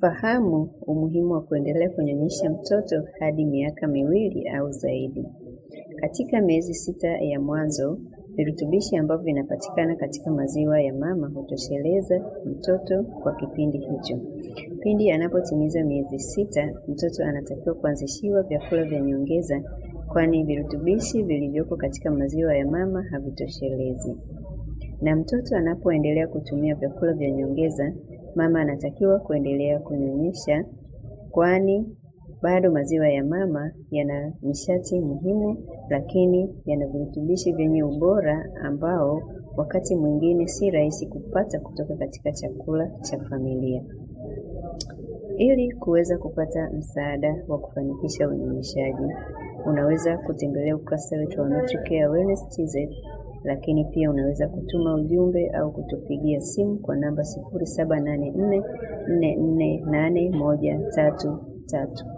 Fahamu umuhimu wa kuendelea kunyonyesha mtoto hadi miaka miwili au zaidi. Katika miezi sita ya mwanzo, virutubishi ambavyo vinapatikana katika maziwa ya mama hutosheleza mtoto kwa kipindi hicho. Pindi anapotimiza miezi sita, mtoto anatakiwa kuanzishiwa vyakula vya nyongeza kwani virutubishi vilivyoko katika maziwa ya mama havitoshelezi. Na mtoto anapoendelea kutumia vyakula vya nyongeza, mama anatakiwa kuendelea kunyonyesha kwani bado maziwa ya mama yana nishati muhimu, lakini yana virutubishi vyenye ubora ambao wakati mwingine si rahisi kupata kutoka katika chakula cha familia. Ili kuweza kupata msaada wa kufanikisha unyonyeshaji, unaweza kutembelea ukurasa wetu wa Nutricare Wellness TZ lakini pia unaweza kutuma ujumbe au kutupigia simu kwa namba 0784448133